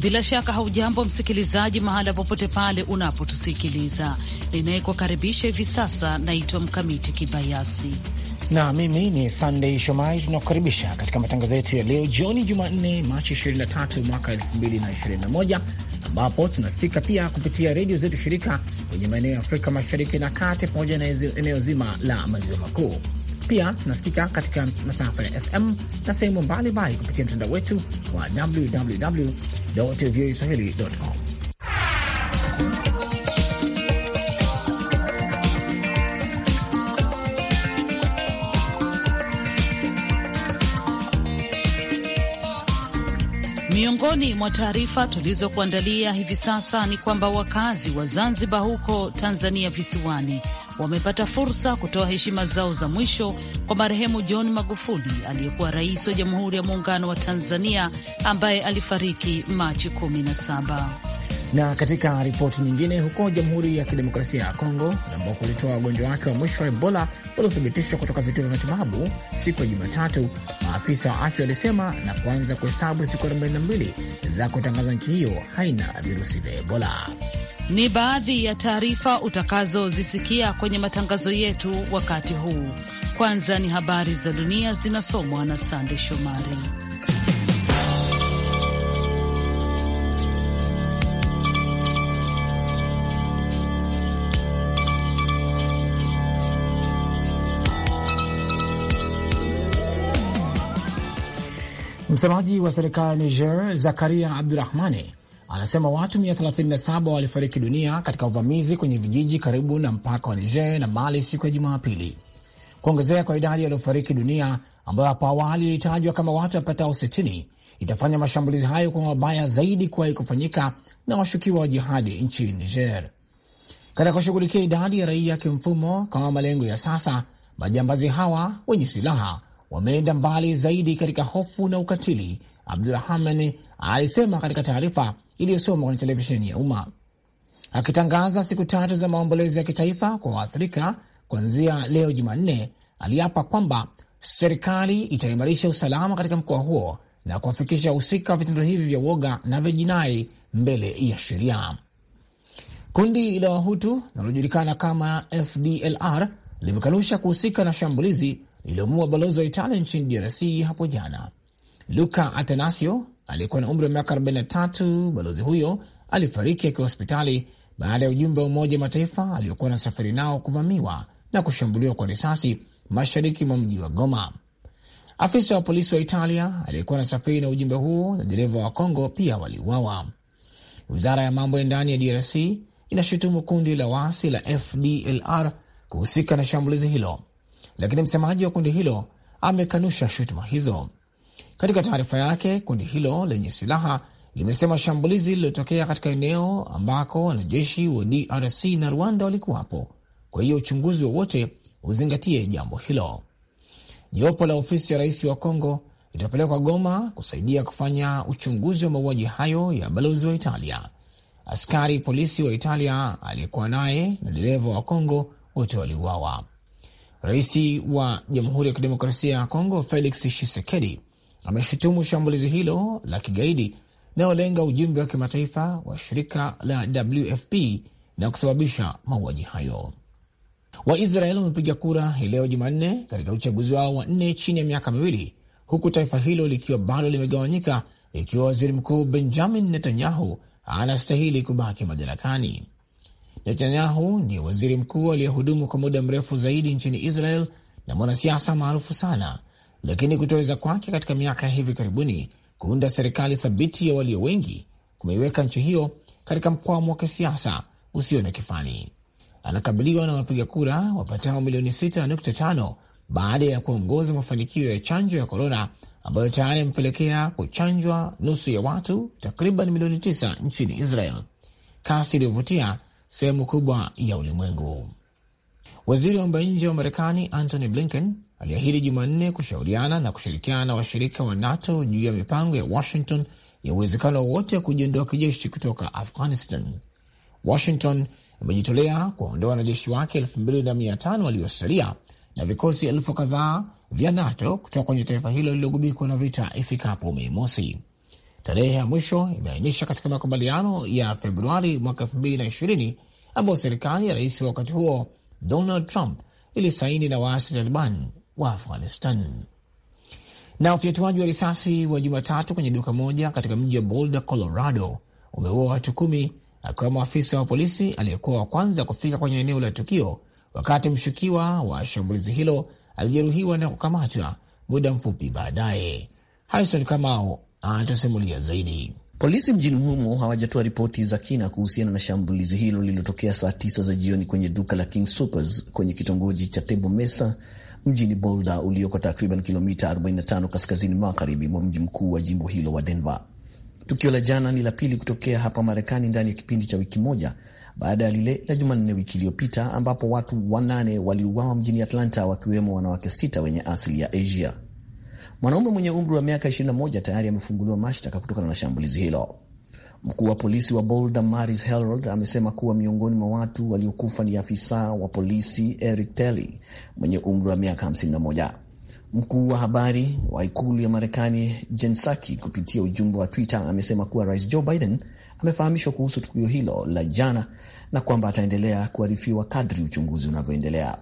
Bila shaka haujambo msikilizaji, mahala popote pale unapotusikiliza. Ninayekukaribisha hivi sasa naitwa Mkamiti Kibayasi na mimi ni sandey Shomai. Tunakukaribisha katika matangazo yetu ya leo jioni, Jumanne Machi 23 mwaka 2021 ambapo tunasikika pia kupitia redio zetu shirika kwenye maeneo ya Afrika Mashariki na Kati pamoja na eneo zima la Maziwa Makuu pia tunasikika katika masafa ya FM na sehemu mbalimbali kupitia mtandao wetu wa www voa swahili com. Miongoni mwa taarifa tulizokuandalia hivi sasa ni kwamba wakazi wa Zanzibar huko Tanzania visiwani wamepata fursa kutoa heshima zao za mwisho kwa marehemu John Magufuli aliyekuwa rais wa Jamhuri ya Muungano wa Tanzania ambaye alifariki Machi 17. Na katika ripoti nyingine, huko Jamhuri ya Kidemokrasia ya Kongo, ambao ulitoa wagonjwa wake wa mwisho wa Ebola waliothibitishwa kutoka vituo vya matibabu siku ya Jumatatu, maafisa wa afya walisema, na kuanza kuhesabu siku 42 za kutangaza nchi hiyo haina virusi vya Ebola. Ni baadhi ya taarifa utakazozisikia kwenye matangazo yetu wakati huu. Kwanza ni habari za dunia zinasomwa na Sande Shomari. Msemaji wa serikali ya Niger, Zakaria Abdurahmani, anasema watu 137 walifariki dunia katika uvamizi kwenye vijiji karibu na mpaka wa Niger na Mali siku ya Jumapili. Kuongezeka kwa idadi yaliyofariki dunia ambayo hapo awali ilitajwa kama watu wapatao 60 itafanya mashambulizi hayo kwa mabaya zaidi kuwahi kufanyika na washukiwa wa jihadi nchini Niger. Katika kushughulikia idadi ya raia kimfumo kama malengo ya sasa, majambazi hawa wenye silaha wameenda mbali zaidi katika hofu na ukatili, Abdurahman alisema katika taarifa iliyosomwa kwenye televisheni ya umma akitangaza siku tatu za maombolezo ya kitaifa kwa waathirika kuanzia leo Jumanne. Aliapa kwamba serikali itaimarisha usalama katika mkoa huo na kuwafikisha wahusika wa vitendo hivi vya uoga na vya jinai mbele ya sheria. Kundi la Wahutu linalojulikana kama FDLR limekanusha kuhusika na shambulizi iliyomua balozi wa Italia nchini DRC hapo jana. Luka Atanasio aliyekuwa na umri wa miaka 43. Balozi huyo alifariki akiwa hospitali baada ya ujumbe wa Umoja Mataifa aliyokuwa na safari nao kuvamiwa na kushambuliwa kwa risasi mashariki mwa mji wa Goma. Afisa wa polisi wa Italia aliyekuwa na safari na ujumbe huo na dereva wa congo pia waliuawa. Wizara ya mambo ya ndani ya DRC inashutumu kundi la waasi la FDLR kuhusika na shambulizi hilo lakini msemaji wa kundi hilo amekanusha shutuma hizo. Katika taarifa yake, kundi hilo lenye silaha limesema shambulizi lililotokea katika eneo ambako wanajeshi wa DRC na Rwanda walikuwapo, kwa hiyo uchunguzi wowote uzingatie jambo hilo. Jopo la ofisi ya rais wa Kongo litapelekwa Goma kusaidia kufanya uchunguzi wa mauaji hayo ya balozi wa Italia. Askari polisi wa Italia aliyekuwa naye na dereva wa Kongo wote waliuawa. Rais wa Jamhuri ya Kidemokrasia ya Kongo Felix Tshisekedi ameshutumu shambulizi hilo la kigaidi inayolenga ujumbe wa kimataifa wa shirika la WFP na kusababisha mauaji hayo. waisrael wamepiga kura hii leo Jumanne katika uchaguzi wao wa nne chini ya miaka miwili, huku taifa hilo likiwa bado limegawanyika ikiwa waziri mkuu Benjamin Netanyahu anastahili kubaki madarakani. Netanyahu ni waziri mkuu aliyehudumu kwa muda mrefu zaidi nchini Israel na mwanasiasa maarufu sana, lakini kutoweza kwake katika miaka ya hivi karibuni kuunda serikali thabiti ya walio wengi kumeiweka nchi hiyo katika mkwamo wa kisiasa usio na kifani. Anakabiliwa na wapiga kura wapatao milioni 6.5 baada ya kuongoza mafanikio ya chanjo ya korona ambayo tayari amepelekea kuchanjwa nusu ya watu takriban milioni 9 nchini Israel, kasi iliyovutia sehemu kubwa ya ulimwengu. Waziri wa mambo ya nje wa Marekani Antony Blinken aliahidi Jumanne kushauriana na kushirikiana na washirika wa NATO juu ya mipango ya Washington ya uwezekano wowote wa kujiondoa kijeshi kutoka Afghanistan. Washington imejitolea kuwaondoa wanajeshi wake elfu mbili na mia tano waliosalia na vikosi elfu kadhaa vya NATO kutoka kwenye taifa hilo lililogubikwa na vita ifikapo Mei Mosi. Tarehe ya mwisho imeainisha katika makubaliano ya Februari mwaka ishirini ambayo serikali ya rais wa wakati huo Donald Trump ilisaini na waasi wa Taliban wa Afghanistan. Na ufyatuaji wa risasi wa Jumatatu kwenye duka moja katika mji wa Boulder, Colorado umeua watu kumi, akiwemo afisa wa polisi aliyekuwa wa kwanza kufika kwenye eneo la tukio, wakati mshukiwa wa shambulizi hilo alijeruhiwa na kukamatwa muda mfupi baadaye. Harison Kamau atasimulia ah, zaidi. Polisi mjini humo hawajatoa ripoti za kina kuhusiana na shambulizi hilo lililotokea saa tisa za jioni kwenye duka la King Supers kwenye kitongoji cha Tebo Mesa mjini Boulder ulioko takriban kilomita 45 kaskazini magharibi mwa mji mkuu wa jimbo hilo wa Denver. Tukio la jana ni la pili kutokea hapa Marekani ndani ya kipindi cha wiki moja baada ya lile la Jumanne wiki iliyopita ambapo watu wanane waliuawa mjini Atlanta, wakiwemo wanawake sita wenye asili ya Asia. Mwanaume mwenye umri wa miaka 21 tayari amefunguliwa mashtaka kutokana na shambulizi hilo. Mkuu wa polisi wa Boulder Maris Herold amesema kuwa miongoni mwa watu waliokufa ni afisa wa polisi Eric Telly mwenye umri wa miaka 51. Mkuu wa habari wa ikulu ya Marekani Jen Psaki kupitia ujumbe wa Twitter amesema kuwa rais Joe Biden amefahamishwa kuhusu tukio hilo la jana na kwamba ataendelea kuarifiwa kadri uchunguzi unavyoendelea.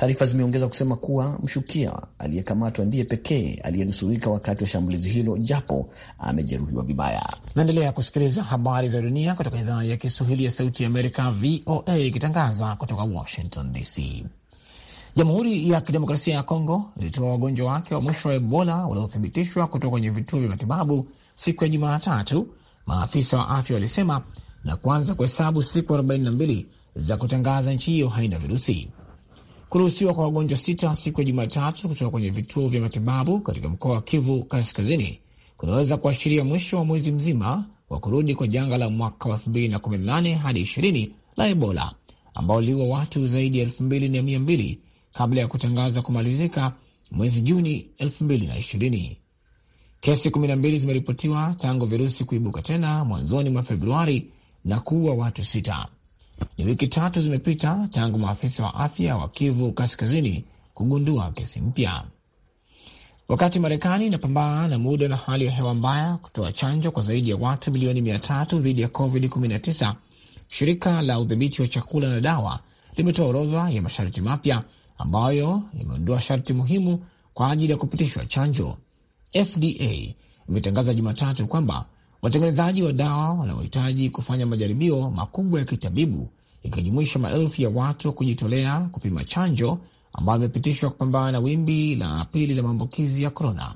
Taarifa zimeongeza kusema kuwa mshukiwa aliyekamatwa ndiye pekee aliyenusurika wakati wa shambulizi hilo, japo amejeruhiwa vibaya. Naendelea kusikiliza habari za dunia kutoka idhaa ya Kiswahili ya Sauti ya Amerika, VOA, ikitangaza kutoka Washington DC. Jamhuri ya Kidemokrasia ya Kongo ilitoa wagonjwa wake wa mwisho wa Ebola waliothibitishwa kutoka kwenye vituo vya matibabu siku ya Jumatatu, maafisa wa afya walisema, na kuanza kuhesabu siku 42 za kutangaza nchi hiyo haina virusi kuruhusiwa kwa wagonjwa sita siku ya Jumatatu kutoka kwenye vituo vya matibabu katika mkoa wa Kivu Kaskazini kunaweza kuashiria mwisho wa mwezi mzima wa kurudi kwa janga la mwaka wa 2018 hadi 20 la Ebola ambao liwa watu zaidi ya 2200 kabla ya kutangaza kumalizika mwezi Juni 2020. Kesi 12 zimeripotiwa tangu virusi kuibuka tena mwanzoni mwa Februari na kuua watu sita. Ni wiki tatu zimepita tangu maafisa wa afya wa Kivu Kaskazini kugundua kesi mpya. Wakati Marekani inapambana na muda na hali ya hewa mbaya kutoa chanjo kwa zaidi ya watu milioni mia tatu dhidi ya COVID-19, shirika la udhibiti wa chakula na dawa limetoa orodha ya masharti mapya ambayo imeondoa sharti muhimu kwa ajili ya kupitishwa chanjo. FDA imetangaza Jumatatu kwamba Watengenezaji wa dawa wanaohitaji kufanya majaribio makubwa ya kitabibu ikijumuisha maelfu ya watu wa kujitolea kupima chanjo ambayo imepitishwa kupambana na wimbi la pili la maambukizi ya korona.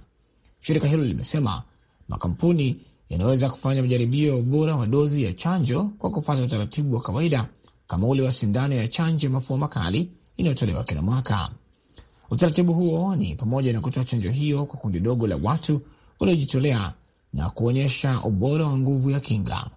Shirika hilo limesema makampuni yanaweza kufanya majaribio ya ubora wa dozi ya chanjo kwa kufanya utaratibu wa kawaida kama ule wa sindano ya chanjo ya mafua makali inayotolewa kila mwaka. Utaratibu huo ni pamoja na kutoa chanjo hiyo kwa kundi dogo la watu waliojitolea na kuonyesha ubora wa nguvu ya kinga.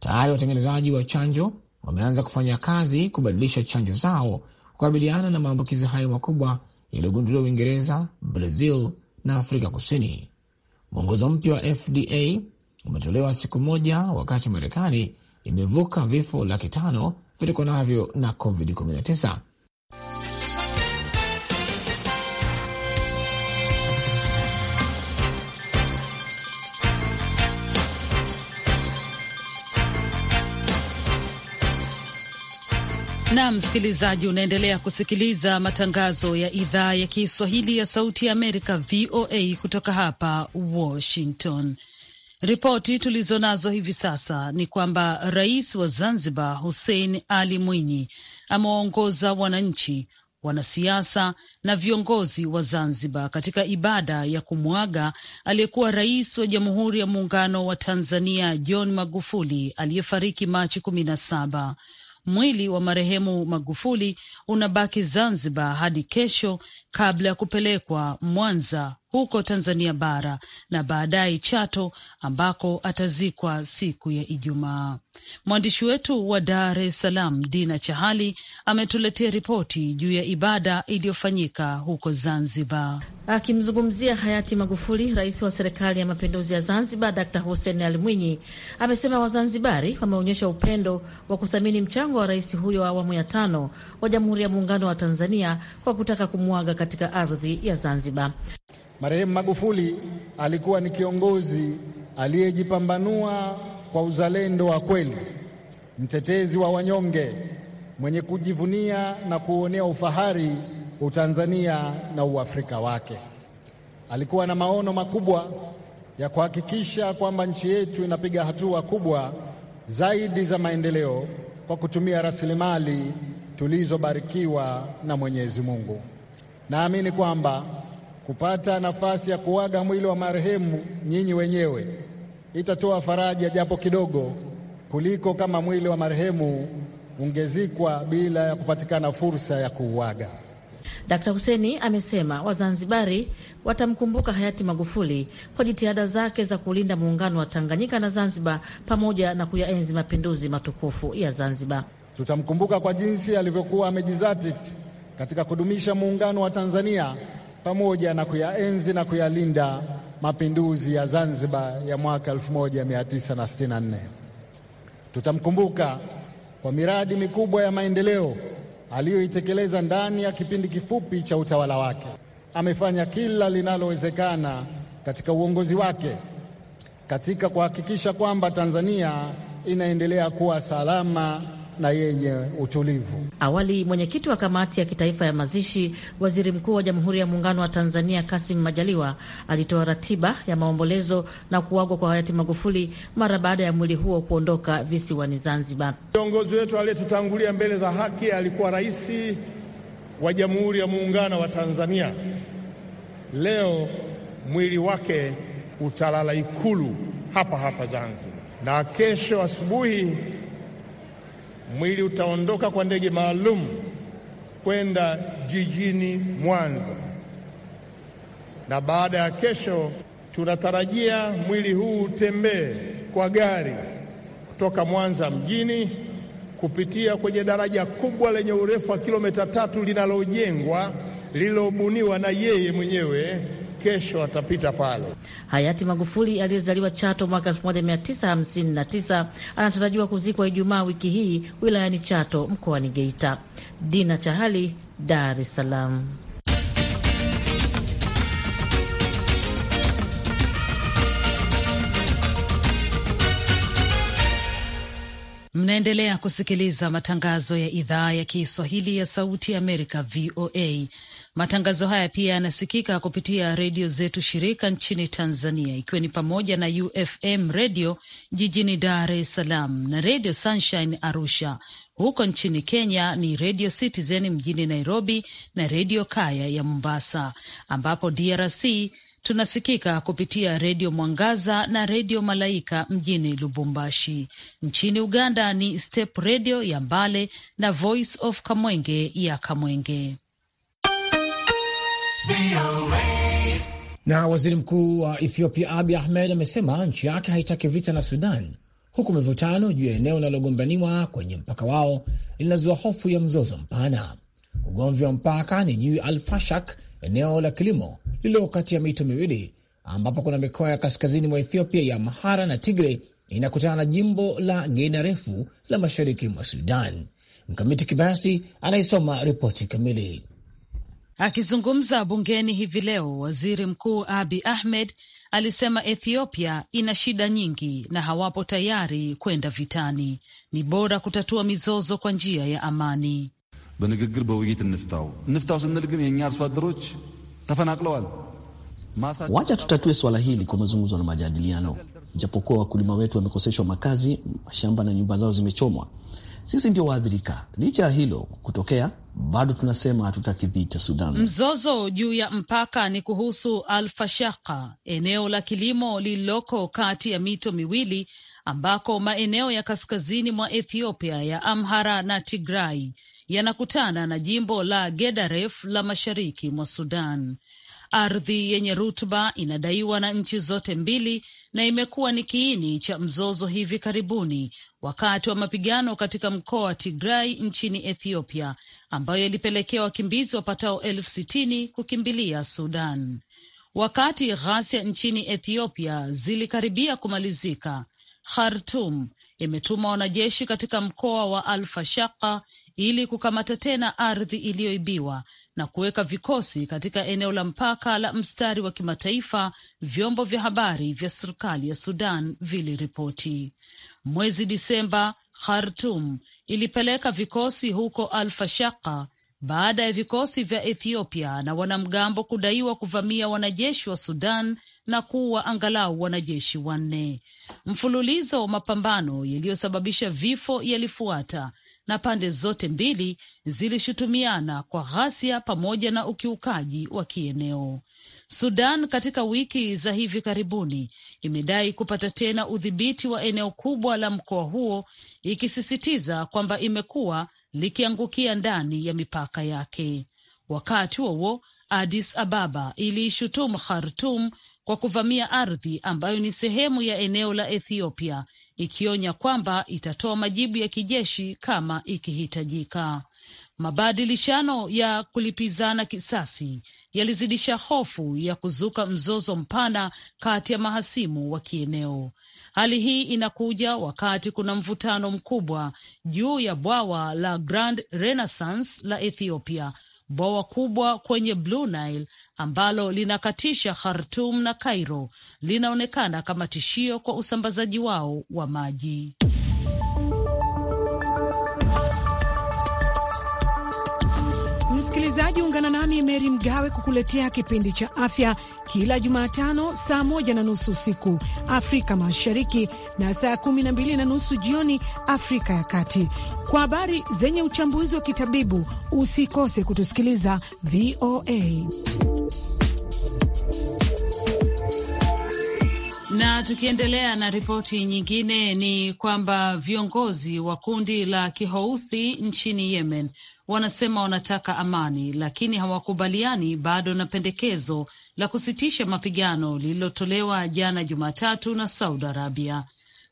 Tayari watengenezaji wa chanjo wameanza kufanya kazi kubadilisha chanjo zao kukabiliana na maambukizi hayo makubwa yaliyogunduliwa Uingereza, Brazil na Afrika Kusini. Mwongozo mpya wa FDA umetolewa siku moja wakati Marekani imevuka vifo laki tano vitokanavyo na COVID-19 na msikilizaji, unaendelea kusikiliza matangazo ya idhaa ya Kiswahili ya Sauti ya Amerika, VOA, kutoka hapa Washington. Ripoti tulizo nazo hivi sasa ni kwamba rais wa Zanzibar Hussein Ali Mwinyi amewaongoza wananchi, wanasiasa na viongozi wa Zanzibar katika ibada ya kumwaga aliyekuwa rais wa Jamhuri ya Muungano wa Tanzania John Magufuli aliyefariki Machi kumi na saba. Mwili wa marehemu Magufuli unabaki Zanzibar hadi kesho kabla ya kupelekwa Mwanza huko Tanzania bara na baadaye Chato ambako atazikwa siku ya Ijumaa. Mwandishi wetu wa Dar es Salaam Dina Chahali ametuletea ripoti juu ya ibada iliyofanyika huko Zanzibar. Akimzungumzia hayati Magufuli, rais wa serikali ya mapinduzi ya Zanzibar, Dkt Hussein Ali Mwinyi amesema Wazanzibari wameonyesha upendo wa kuthamini mchango wa rais huyo wa awamu ya tano wa Jamhuri ya Muungano wa Tanzania kwa kutaka kumwaga katika ardhi ya Zanzibar. Marehemu Magufuli alikuwa ni kiongozi aliyejipambanua kwa uzalendo wa kweli, mtetezi wa wanyonge, mwenye kujivunia na kuonea ufahari Utanzania na Uafrika wake. Alikuwa na maono makubwa ya kuhakikisha kwamba nchi yetu inapiga hatua kubwa zaidi za maendeleo kwa kutumia rasilimali tulizobarikiwa na Mwenyezi Mungu. Naamini kwamba kupata nafasi ya kuaga mwili wa marehemu nyinyi wenyewe itatoa faraja japo kidogo, kuliko kama mwili wa marehemu ungezikwa bila ya kupatikana fursa ya kuuaga. Dkt. Huseni amesema Wazanzibari watamkumbuka hayati Magufuli kwa jitihada zake za kulinda muungano wa Tanganyika na Zanzibar pamoja na kuyaenzi mapinduzi matukufu ya Zanzibar. Tutamkumbuka kwa jinsi alivyokuwa amejizatiti katika kudumisha muungano wa Tanzania pamoja na kuyaenzi na kuyalinda mapinduzi ya Zanzibar ya mwaka 1964. Tutamkumbuka kwa miradi mikubwa ya maendeleo aliyoitekeleza ndani ya kipindi kifupi cha utawala wake. Amefanya kila linalowezekana katika uongozi wake katika kuhakikisha kwamba Tanzania inaendelea kuwa salama na yenye utulivu. Awali mwenyekiti wa kamati ya kitaifa ya mazishi, waziri mkuu wa Jamhuri ya Muungano wa Tanzania Kasim Majaliwa alitoa ratiba ya maombolezo na kuagwa kwa hayati Magufuli mara baada ya mwili huo kuondoka visiwani Zanzibar. Kiongozi wetu aliyetutangulia mbele za haki alikuwa rais wa Jamhuri ya Muungano wa Tanzania. Leo mwili wake utalala Ikulu hapa hapa Zanzibar, na kesho asubuhi mwili utaondoka kwa ndege maalum kwenda jijini Mwanza, na baada ya kesho tunatarajia mwili huu utembee kwa gari kutoka Mwanza mjini kupitia kwenye daraja kubwa lenye urefu wa kilomita tatu linalojengwa lililobuniwa na yeye mwenyewe kesho atapita pale. Hayati Magufuli aliyezaliwa Chato mwaka 1959 anatarajiwa kuzikwa Ijumaa wiki hii wilayani Chato mkoani Geita. Dina Chahali, Dar es Salaam. Mnaendelea kusikiliza matangazo ya idhaa ya Kiswahili ya Sauti ya Amerika, VOA, Matangazo haya pia yanasikika kupitia redio zetu shirika nchini Tanzania, ikiwa ni pamoja na UFM redio jijini Dar es Salaam na redio Sunshine Arusha. Huko nchini Kenya ni redio Citizen mjini Nairobi na redio Kaya ya Mombasa, ambapo DRC tunasikika kupitia redio Mwangaza na redio Malaika mjini Lubumbashi. Nchini Uganda ni Step redio ya Mbale na Voice of Kamwenge ya Kamwenge. Na waziri mkuu wa Ethiopia Abi Ahmed amesema nchi yake haitaki vita na Sudan, huku mivutano juu ya eneo linalogombaniwa kwenye mpaka wao linazua hofu ya mzozo mpana. Ugomvi wa mpaka ni New Alfashak, eneo la kilimo lililo kati ya mito miwili ambapo kuna mikoa ya kaskazini mwa Ethiopia ya Amhara na Tigre inakutana na jimbo la refu la mashariki mwa Sudan. Mkamiti Kibayasi anayesoma ripoti kamili. Akizungumza bungeni hivi leo, waziri mkuu Abi Ahmed alisema Ethiopia ina shida nyingi na hawapo tayari kwenda vitani. Ni bora kutatua mizozo kwa njia ya amani. benigigir bawiyit niftaw niftaw sinil ግን የኛ አርሶ አደሮች ተፈናቅለዋል Wacha tutatue swala hili kwa mazungumzo na majadiliano. japokuwa wakulima wetu wamekoseshwa makazi, mashamba na nyumba zao zimechomwa, sisi ndio waathirika. Licha ya hilo kutokea, bado tunasema hatutakivita Sudan. Mzozo juu ya mpaka ni kuhusu Alfashaka, eneo la kilimo lililoko kati ya mito miwili ambako maeneo ya kaskazini mwa Ethiopia ya Amhara na Tigrai yanakutana na jimbo la Gedaref la mashariki mwa Sudan. Ardhi yenye rutuba inadaiwa na nchi zote mbili na imekuwa ni kiini cha mzozo hivi karibuni wakati wa mapigano katika mkoa wa Tigrai nchini Ethiopia, ambayo yalipelekea wakimbizi wapatao elfu sitini kukimbilia Sudan. Wakati ghasia nchini Ethiopia zilikaribia kumalizika, Khartum imetuma wanajeshi katika mkoa wa Alfashaka ili kukamata tena ardhi iliyoibiwa na kuweka vikosi katika eneo la mpaka la mstari wa kimataifa, vyombo vya habari vya serikali ya Sudan viliripoti. Mwezi Disemba, Khartum ilipeleka vikosi huko Alfashaka baada ya vikosi vya Ethiopia na wanamgambo kudaiwa kuvamia wanajeshi wa Sudan na kuwa angalau wanajeshi wanne. Mfululizo wa mapambano yaliyosababisha vifo yalifuata na pande zote mbili zilishutumiana kwa ghasia pamoja na ukiukaji wa kieneo. Sudan katika wiki za hivi karibuni imedai kupata tena udhibiti wa eneo kubwa la mkoa huo, ikisisitiza kwamba imekuwa likiangukia ndani ya mipaka yake. Wakati huo huo, Addis Ababa iliishutumu Khartoum kwa kuvamia ardhi ambayo ni sehemu ya eneo la Ethiopia, ikionya kwamba itatoa majibu ya kijeshi kama ikihitajika. Mabadilishano ya kulipizana kisasi yalizidisha hofu ya kuzuka mzozo mpana kati ya mahasimu wa kieneo. Hali hii inakuja wakati kuna mvutano mkubwa juu ya bwawa la Grand Renaissance la Ethiopia bwawa kubwa kwenye Blue Nile ambalo linakatisha Khartum na Cairo linaonekana kama tishio kwa usambazaji wao wa maji. Msikilizaji, ungana nami Meri Mgawe kukuletea kipindi cha afya kila Jumatano saa moja na nusu usiku Afrika Mashariki na saa kumi na mbili na nusu jioni Afrika ya Kati, kwa habari zenye uchambuzi wa kitabibu. Usikose kutusikiliza VOA. Na tukiendelea na ripoti nyingine, ni kwamba viongozi wa kundi la kihouthi nchini Yemen wanasema wanataka amani, lakini hawakubaliani bado na pendekezo la kusitisha mapigano lililotolewa jana Jumatatu na Saudi Arabia.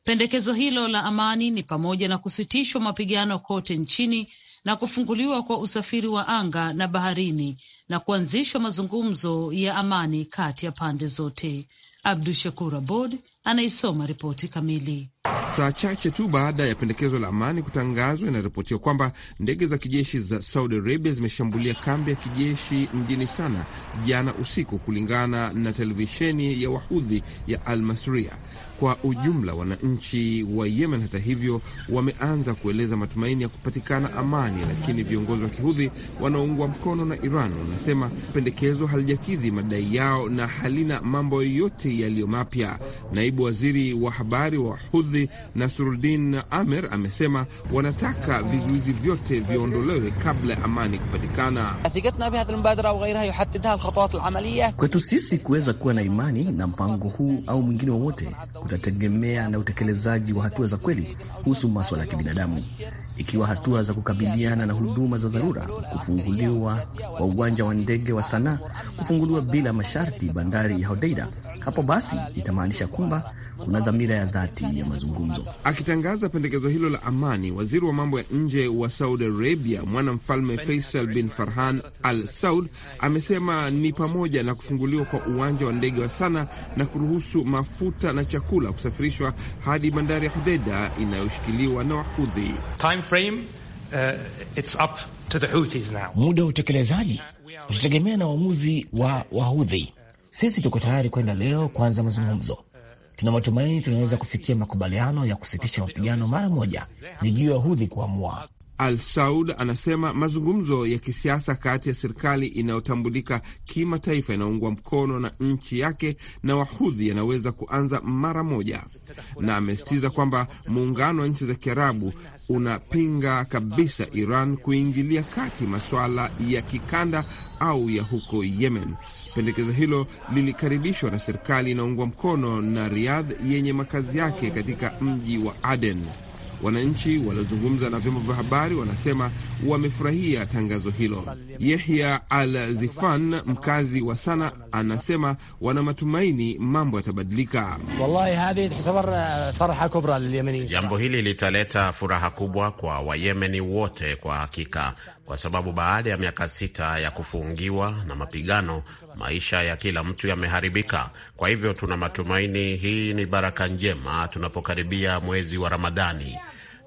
Pendekezo hilo la amani ni pamoja na kusitishwa mapigano kote nchini na kufunguliwa kwa usafiri wa anga na baharini na kuanzishwa mazungumzo ya amani kati ya pande zote. Abdu Shakur Abod, anaisoma ripoti kamili. Saa chache tu baada ya pendekezo la amani kutangazwa, inaripotiwa kwamba ndege za kijeshi za Saudi Arabia zimeshambulia kambi ya kijeshi mjini Sana jana usiku, kulingana na televisheni ya Wahudhi ya Al Masria. Kwa ujumla, wananchi wa Yemen hata hivyo wameanza kueleza matumaini ya kupatikana amani, lakini viongozi wa kihudhi wanaoungwa mkono na Iran wanasema pendekezo halijakidhi madai yao na halina mambo yoyote yaliyo mapya. Naibu waziri wa habari wa Hudhi Nasruddin Amer amesema wanataka vizuizi vyote viondolewe kabla ya amani kupatikana. Kwetu sisi kuweza kuwa na imani na mpango huu au mwingine wowote kutategemea na utekelezaji wa hatua za kweli kuhusu maswala ya kibinadamu, ikiwa hatua za kukabiliana na huduma za dharura, kufunguliwa kwa uwanja wa ndege wa Sanaa, kufunguliwa bila masharti bandari ya Hodeida hapo basi itamaanisha kwamba kuna dhamira ya dhati ya mazungumzo. Akitangaza pendekezo hilo la amani, waziri wa mambo ya nje wa Saudi Arabia mwana mfalme Faisal bin Farhan Al Saud amesema ni pamoja na kufunguliwa kwa uwanja wa ndege wa Sana na kuruhusu mafuta na chakula kusafirishwa hadi bandari ya hudeda inayoshikiliwa na Wahudhi. Uh, muda wa utekelezaji utategemea na uamuzi wa Wahudhi. Sisi tuko tayari kwenda leo kuanza mazungumzo. Tuna matumaini tunaweza kufikia makubaliano ya kusitisha mapigano mara moja. Ni juu ya Hudhi kuamua. Al Saud anasema mazungumzo ya kisiasa kati ya serikali inayotambulika kimataifa inaungwa mkono na nchi yake na Wahudhi yanaweza kuanza mara moja, na amesitiza kwamba muungano wa nchi za Kiarabu unapinga kabisa Iran kuingilia kati masuala ya kikanda au ya huko Yemen. Pendekezo hilo lilikaribishwa na serikali inaungwa mkono na Riyadh yenye makazi yake katika mji wa Aden. Wananchi waliozungumza na vyombo vya habari wanasema wamefurahia tangazo hilo. Yehya Al Zifan, mkazi wa Sana, anasema wana matumaini mambo yatabadilika. Uh, Jambo hili litaleta furaha kubwa kwa Wayemeni wote kwa hakika, kwa sababu baada ya miaka sita ya kufungiwa na mapigano, maisha ya kila mtu yameharibika. Kwa hivyo tuna matumaini, hii ni baraka njema tunapokaribia mwezi wa Ramadhani.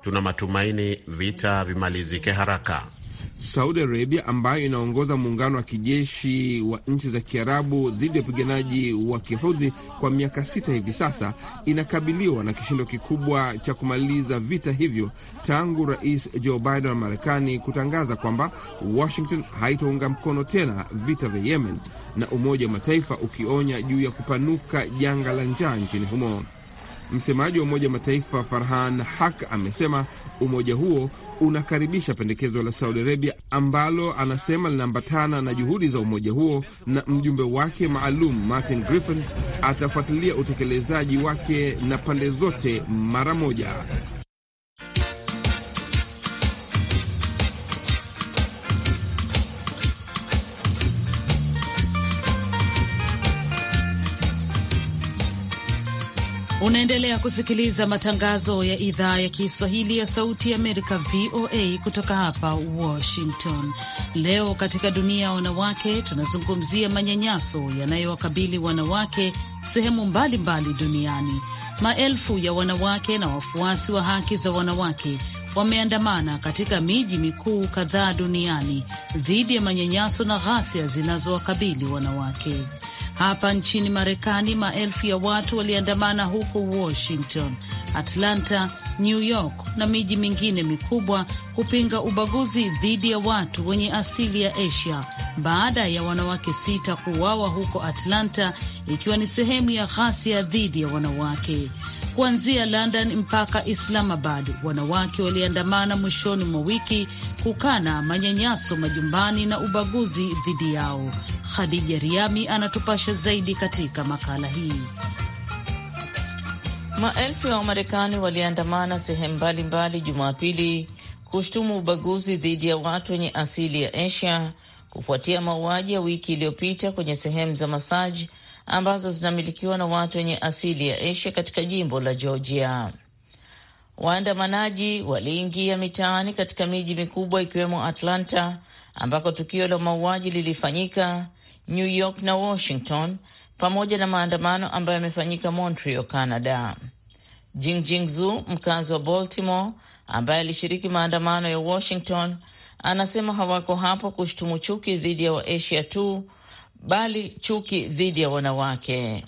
Tuna matumaini vita vimalizike haraka. Saudi Arabia ambayo inaongoza muungano wa kijeshi wa nchi za Kiarabu dhidi ya wapiganaji wa Kihudhi kwa miaka sita hivi sasa inakabiliwa na kishindo kikubwa cha kumaliza vita hivyo tangu Rais Joe Biden wa Marekani kutangaza kwamba Washington haitaunga mkono tena vita vya Yemen na Umoja wa Mataifa ukionya juu ya kupanuka janga la njaa nchini humo. Msemaji wa Umoja Mataifa Farhan Haq amesema umoja huo unakaribisha pendekezo la Saudi Arabia ambalo anasema linaambatana na juhudi za umoja huo, na mjumbe wake maalum Martin Griffiths atafuatilia utekelezaji wake na pande zote mara moja. Unaendelea kusikiliza matangazo ya idhaa ya Kiswahili ya Sauti ya Amerika, VOA, kutoka hapa Washington. Leo katika dunia ya wanawake tunazungumzia manyanyaso yanayowakabili wanawake sehemu mbalimbali mbali duniani. Maelfu ya wanawake na wafuasi wa haki za wanawake wameandamana katika miji mikuu kadhaa duniani dhidi ya manyanyaso na ghasia zinazowakabili wanawake. Hapa nchini Marekani, maelfu ya watu waliandamana huko Washington, Atlanta, New York na miji mingine mikubwa kupinga ubaguzi dhidi ya watu wenye asili ya Asia baada ya wanawake sita kuuawa huko Atlanta, ikiwa ni sehemu ya ghasia dhidi ya wanawake kuanzia London mpaka Islamabad, wanawake waliandamana mwishoni mwa wiki kukana manyanyaso majumbani na ubaguzi dhidi yao. Khadija Riami anatupasha zaidi katika makala hii. Maelfu ya Wamarekani waliandamana sehemu mbalimbali Jumapili kushtumu ubaguzi dhidi ya watu wenye asili ya Asia kufuatia mauaji ya wiki iliyopita kwenye sehemu za masaji ambazo zinamilikiwa na watu wenye asili ya Asia katika jimbo la Georgia. Waandamanaji waliingia mitaani katika miji mikubwa ikiwemo Atlanta ambako tukio la mauaji lilifanyika, New York na Washington, pamoja na maandamano ambayo yamefanyika Montreal, Canada. Jingjing Zu, mkazi wa Baltimore ambaye alishiriki maandamano ya Washington, anasema hawako hapo kushutumu chuki dhidi ya Waasia tu bali chuki dhidi ya wanawake.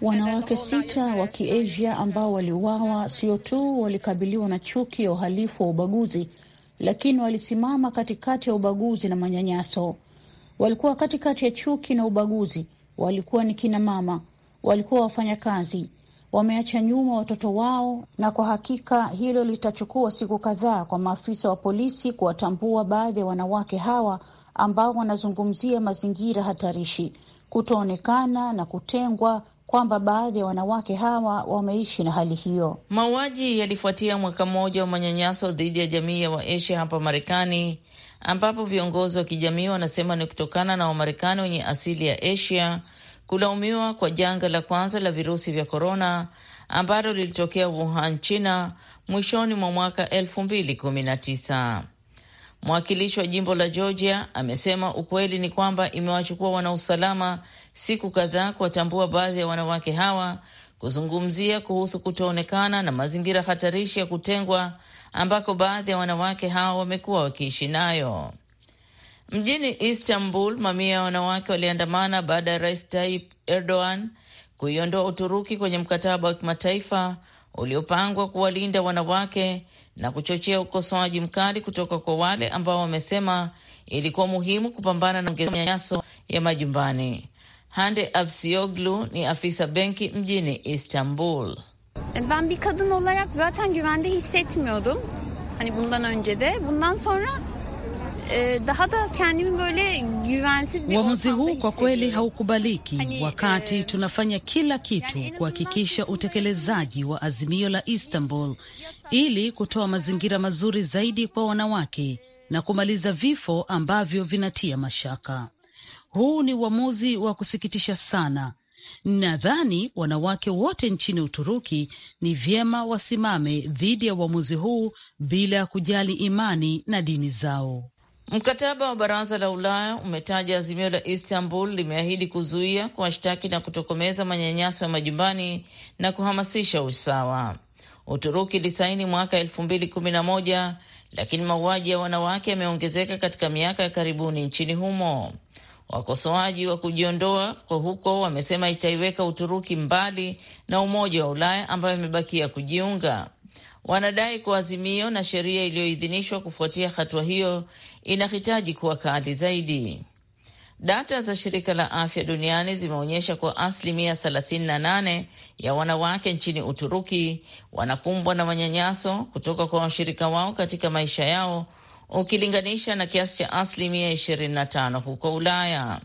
Wanawake sita wa Kiasia ambao waliuawa sio tu walikabiliwa na chuki ya uhalifu wa ubaguzi, lakini walisimama katikati ya ubaguzi na manyanyaso. Walikuwa katikati ya chuki na ubaguzi, walikuwa ni kinamama, walikuwa wafanyakazi wameacha nyuma watoto wao, na kwa hakika hilo litachukua siku kadhaa kwa maafisa wa polisi kuwatambua baadhi ya wanawake hawa ambao wanazungumzia mazingira hatarishi, kutoonekana na kutengwa kwamba baadhi ya wanawake hawa wameishi na hali hiyo. Mauaji yalifuatia mwaka mmoja wa manyanyaso dhidi ya jamii ya Waasia hapa Marekani, ambapo viongozi wa kijamii wanasema ni kutokana na Wamarekani wenye asili ya Asia kulaumiwa kwa janga la kwanza la virusi vya korona ambalo lilitokea Wuhan, China mwishoni mwa mwaka 219 Mwakilishi wa jimbo la Georgia amesema ukweli ni kwamba imewachukua wanausalama siku kadhaa kuwatambua baadhi ya wanawake hawa, kuzungumzia kuhusu kutoonekana na mazingira hatarishi ya kutengwa ambako baadhi ya wanawake hawa wamekuwa wakiishi nayo. Mjini Istanbul, mamia ya wanawake waliandamana baada ya rais Tayyip Erdogan kuiondoa Uturuki kwenye mkataba wa kimataifa uliopangwa kuwalinda wanawake na kuchochea ukosoaji mkali kutoka kwa wale ambao wamesema ilikuwa muhimu kupambana na ongezeko la manyanyaso ya majumbani. Hande absioglu ni afisa benki mjini Istanbul. E, ben bir kadın olarak zaten güvende hissetmiyordum. Hani bundan önce de bundan sonra E, daha da kendimi böyle güvensiz bir uamuzi huu kwa kweli haukubaliki, hani, e, wakati e, tunafanya kila kitu yani kuhakikisha utekelezaji wa azimio la Istanbul ili kutoa mazingira mazuri zaidi kwa wanawake na kumaliza vifo ambavyo vinatia mashaka. Huu ni uamuzi wa kusikitisha sana. Nadhani wanawake wote nchini Uturuki ni vyema wasimame dhidi ya uamuzi huu bila ya kujali imani na dini zao. Mkataba wa Baraza la Ulaya umetaja azimio la Istanbul limeahidi kuzuia, kuwashtaki na kutokomeza manyanyaso ya majumbani na kuhamasisha usawa. Uturuki ilisaini mwaka elfu mbili kumi na moja, lakini mauaji ya wanawake yameongezeka katika miaka ya karibuni nchini humo. Wakosoaji wa kujiondoa kwa huko wamesema itaiweka Uturuki mbali na Umoja wa Ulaya ambayo imebakia kujiunga. Wanadai kuwa azimio na sheria iliyoidhinishwa kufuatia hatua hiyo inahitaji kuwa kali zaidi. Data za shirika la afya duniani zimeonyesha kuwa asilimia 38 ya wanawake nchini Uturuki wanakumbwa na manyanyaso kutoka kwa washirika wao katika maisha yao ukilinganisha na kiasi cha asilimia 25 huko Ulaya.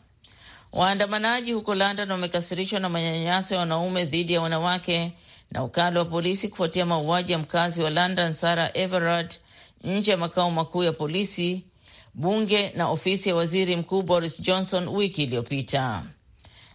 Waandamanaji huko London wamekasirishwa na manyanyaso ya wanaume dhidi ya wanawake na ukali wa polisi kufuatia mauaji ya mkazi wa London sara Everard nje ya makao makuu ya polisi, bunge na ofisi ya waziri mkuu Boris Johnson wiki iliyopita.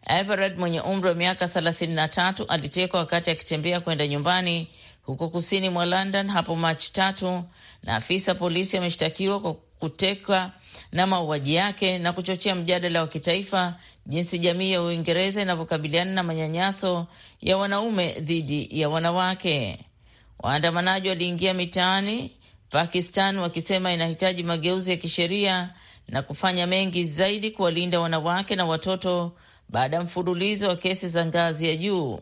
Everard mwenye umri wa miaka 33 alitekwa wakati akitembea kwenda nyumbani huko kusini mwa London hapo Machi tatu, na afisa polisi ameshtakiwa kwa kutekwa na mauaji yake na kuchochea mjadala wa kitaifa jinsi jamii ya Uingereza inavyokabiliana na manyanyaso ya wanaume dhidi ya wanawake. Waandamanaji waliingia mitaani Pakistan wakisema inahitaji mageuzi ya kisheria na kufanya mengi zaidi kuwalinda wanawake na watoto baada ya mfululizo wa kesi za ngazi ya juu.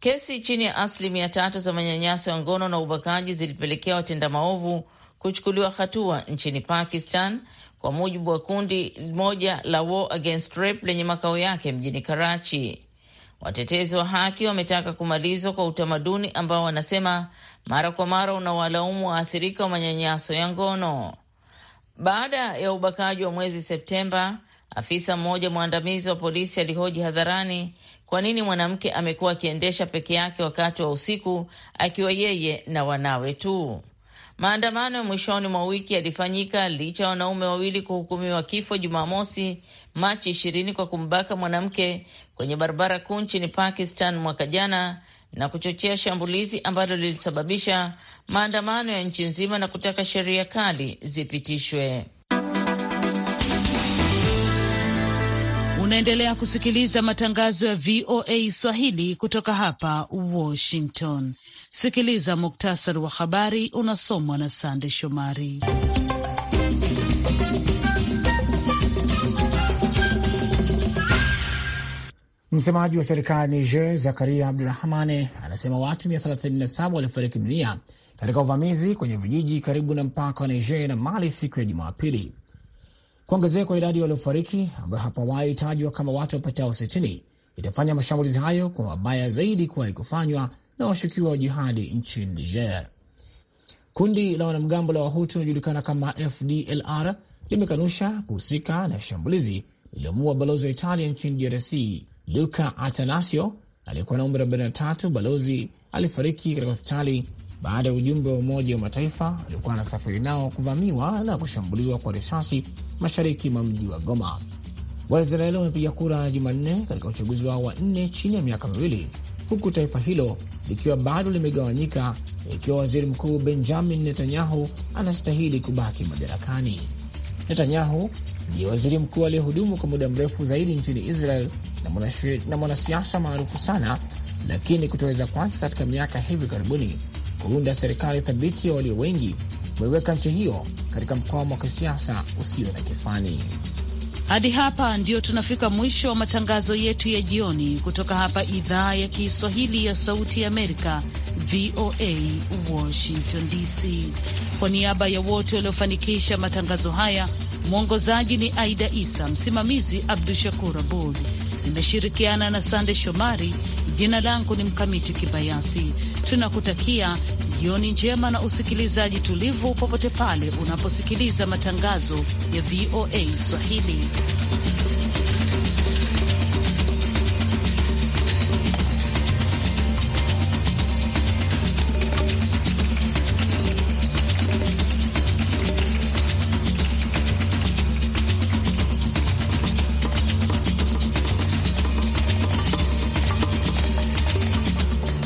Kesi chini ya asilimia tatu za manyanyaso ya ngono na ubakaji zilipelekea watenda maovu kuchukuliwa hatua nchini Pakistan kwa mujibu wa kundi moja la War Against Rape lenye makao yake mjini Karachi. Watetezi wa haki wametaka kumalizwa kwa utamaduni ambao wanasema mara kwa mara unawalaumu waathirika wa manyanyaso ya ngono. Baada ya ubakaji wa mwezi Septemba, afisa mmoja mwandamizi wa polisi alihoji hadharani kwa nini mwanamke amekuwa akiendesha peke yake wakati wa usiku akiwa yeye na wanawe tu. Maandamano ya mwishoni mwa wiki yalifanyika licha ya wanaume wawili kuhukumiwa kifo Jumamosi, Machi ishirini kwa kumbaka mwanamke kwenye barabara kuu nchini Pakistan mwaka jana na kuchochea shambulizi ambalo lilisababisha maandamano ya nchi nzima na kutaka sheria kali zipitishwe. Unaendelea kusikiliza matangazo ya VOA Swahili kutoka hapa Washington. Sikiliza muktasari wa habari unasomwa na Sande Shomari. Msemaji wa serikali ya Niger Zakaria Abdurahmane anasema watu 137 walifariki dunia katika uvamizi kwenye vijiji karibu na mpaka wa Niger na Mali siku ya Jumapili. Kuongezeka kwa idadi waliofariki ambayo awali tajwa kama watu wapatao 60 itafanya mashambulizi hayo kwa mabaya zaidi kuwahi kufanywa na washukiwa wa jihadi nchini Niger. Kundi la wanamgambo la Wahutu linajulikana kama FDLR limekanusha kuhusika na shambulizi lililomuua balozi wa Italia nchini DRC Luca Atanasio aliyekuwa na umri 43. Balozi alifariki katika hospitali baada ya ujumbe wa Umoja wa Mataifa aliokuwa anasafiri nao kuvamiwa na kushambuliwa kwa risasi mashariki mwa mji wa Goma. Waisraeli wamepiga kura Jumanne katika uchaguzi wao wa nne chini ya miaka miwili huku taifa hilo likiwa bado limegawanyika, ikiwa waziri mkuu Benjamin Netanyahu anastahili kubaki madarakani. Netanyahu ndiye waziri mkuu aliyehudumu kwa muda mrefu zaidi nchini Israel na mwanasiasa maarufu sana, lakini kutoweza kwake katika miaka hivi karibuni kuunda serikali thabiti ya walio wengi kumeweka nchi hiyo katika mkwamo wa kisiasa usio na kifani. Hadi hapa ndio tunafika mwisho wa matangazo yetu ya jioni kutoka hapa idhaa ya Kiswahili ya Sauti ya Amerika, VOA Washington DC. Kwa niaba ya wote waliofanikisha matangazo haya, mwongozaji ni Aida Isa, msimamizi Abdu Shakur Abud, nimeshirikiana na Sande Shomari. Jina langu ni Mkamiti Kibayasi, tunakutakia Jioni njema na usikilizaji tulivu popote pale unaposikiliza matangazo ya VOA Swahili.